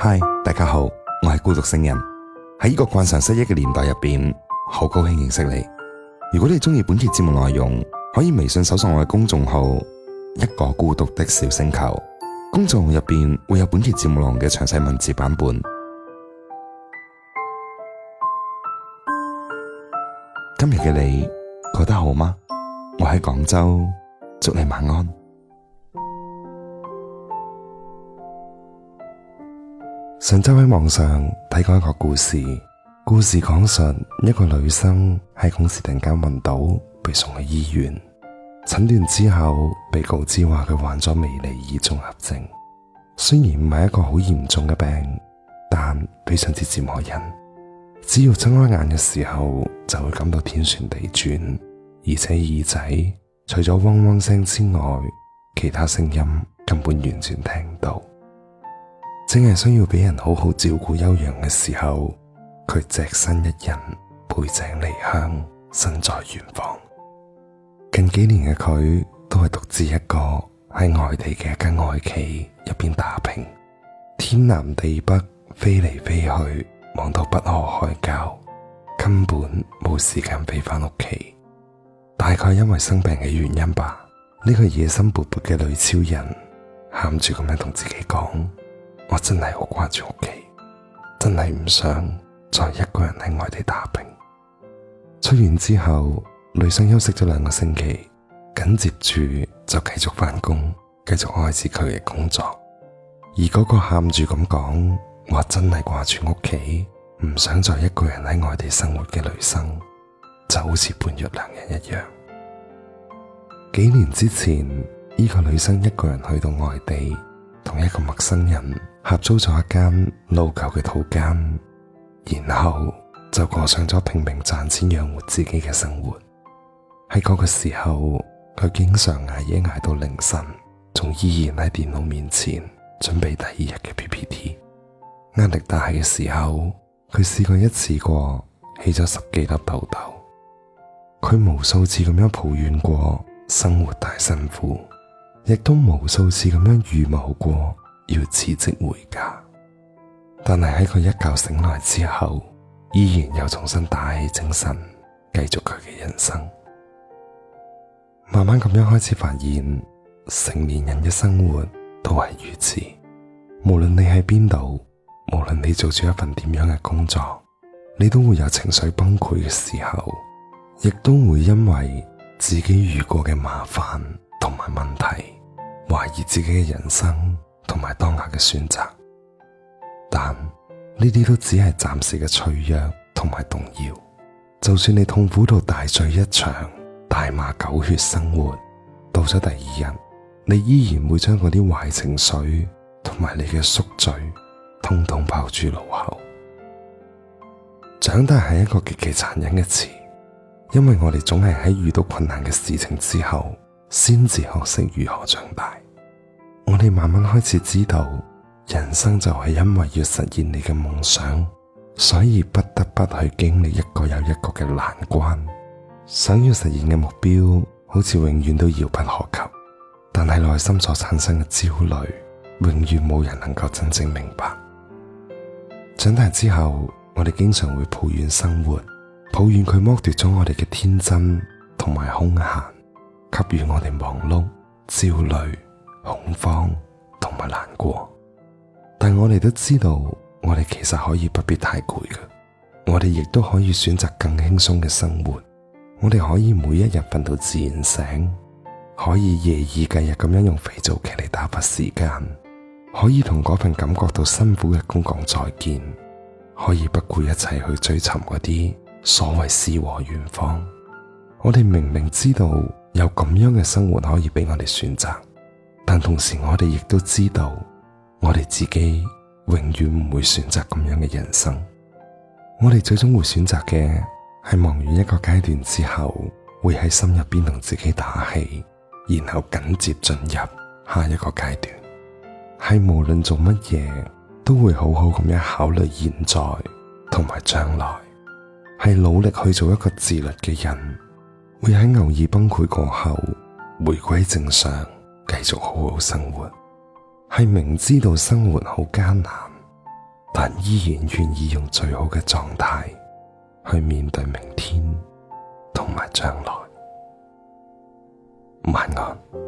嗨，Hi, 大家好，我係孤獨星人。喺呢個慣常失憶嘅年代入邊，好高興認識你。如果你中意本期節目內容，可以微信搜索我嘅公眾號一個孤獨的小星球。公眾號入邊會有本期節目內容嘅詳細文字版本。今日嘅你覺得好嗎？我喺廣州，祝你晚安。上周喺網上睇過一個故事，故事講述一個女生喺公司突然間暈倒，被送去醫院診斷之後，被告知話佢患咗美尼爾綜合症。雖然唔係一個好嚴重嘅病，但非常之折磨人。只要睜開眼嘅時候，就會感到天旋地轉，而且耳仔除咗嗡嗡聲之外，其他聲音根本完全聽唔到。正係需要俾人好好照顧休養嘅時候，佢隻身一人背井離鄉，身在遠方。近幾年嘅佢都係獨自一個喺外地嘅一間外企入邊打拼，天南地北飛嚟飛去，忙到不可開交，根本冇時間飛返屋企。大概因為生病嘅原因吧，呢、呢個野心勃勃嘅女超人喊住咁樣同自己講。我真係好掛住屋企，真係唔想再一個人喺外地打拼。出院之後，女生休息咗兩個星期，緊接住就繼續翻工，繼續開始佢嘅工作。而嗰個喊住咁講，我真係掛住屋企，唔想再一個人喺外地生活嘅女生，就好似半月良人一樣。幾年之前，呢、這個女生一個人去到外地，同一個陌生人。合租咗一間老舊嘅套間，然後就過上咗拼命賺錢養活自己嘅生活。喺嗰個時候，佢經常捱夜捱到凌晨，仲依然喺電腦面前準備第二日嘅 PPT。壓力大嘅時候，佢試過一次過起咗十幾粒痘痘。佢無數次咁樣抱怨過生活太辛苦，亦都無數次咁樣預謀過。要辭職回家，但係喺佢一覺醒來之後，依然又重新打起精神，繼續佢嘅人生。慢慢咁樣開始發現，成年人嘅生活都係如此。無論你喺邊度，無論你做住一份點樣嘅工作，你都會有情緒崩潰嘅時候，亦都會因為自己遇過嘅麻煩同埋問題，懷疑自己嘅人生。同埋當下嘅選擇，但呢啲都只係暫時嘅脆弱同埋動搖。就算你痛苦到大醉一場，大罵狗血生活，到咗第二日，你依然會將嗰啲壞情緒同埋你嘅宿醉通通拋諸腦後。長大係一個極其殘忍嘅詞，因為我哋總係喺遇到困難嘅事情之後，先至學識如何長大。你慢慢開始知道，人生就係因為要實現你嘅夢想，所以不得不去經歷一個又一個嘅難關。想要實現嘅目標，好似永遠都遙不可及。但係內心所產生嘅焦慮，永遠冇人能夠真正明白。長大之後，我哋經常會抱怨生活，抱怨佢剝奪咗我哋嘅天真同埋空閒，給予我哋忙碌、焦慮。恐慌同埋難過，但我哋都知道，我哋其實可以不必太攰嘅，我哋亦都可以選擇更輕鬆嘅生活。我哋可以每一日瞓到自然醒，可以夜以繼日咁樣用肥皂劇嚟打發時間，可以同嗰份感覺到辛苦嘅工講再見，可以不顧一切去追尋嗰啲所謂詩和遠方。我哋明明知道有咁樣嘅生活可以俾我哋選擇。同時，我哋亦都知道，我哋自己永遠唔會選擇咁樣嘅人生。我哋最終會選擇嘅係忙完一個階段之後，會喺心入邊同自己打氣，然後緊接進入下一個階段。係無論做乜嘢，都會好好咁樣考慮現在同埋將來。係努力去做一個自律嘅人，會喺偶爾崩潰過後回歸正常。繼續好好生活，係明知道生活好艱難，但依然願意用最好嘅狀態去面對明天同埋將來。晚安。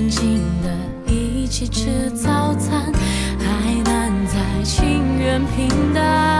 安靜的一起吃早餐，愛難再情願平淡。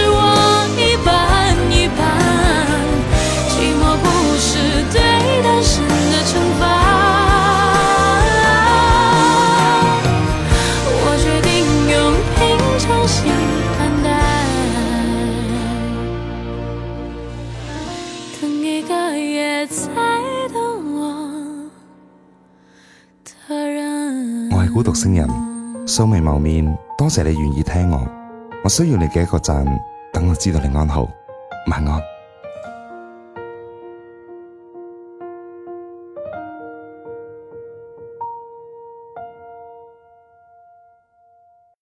陌生人，素未謀面，多謝你願意聽我。我需要你嘅一個讚，等我知道你安好，晚安。